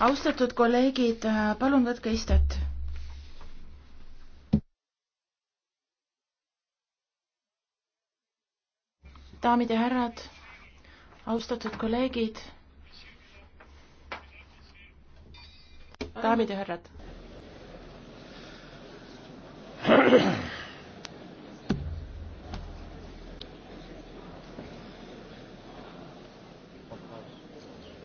austatud kolleegid, äh, palun võtke istet. daamid ja härrad, austatud kolleegid. daamid ja härrad.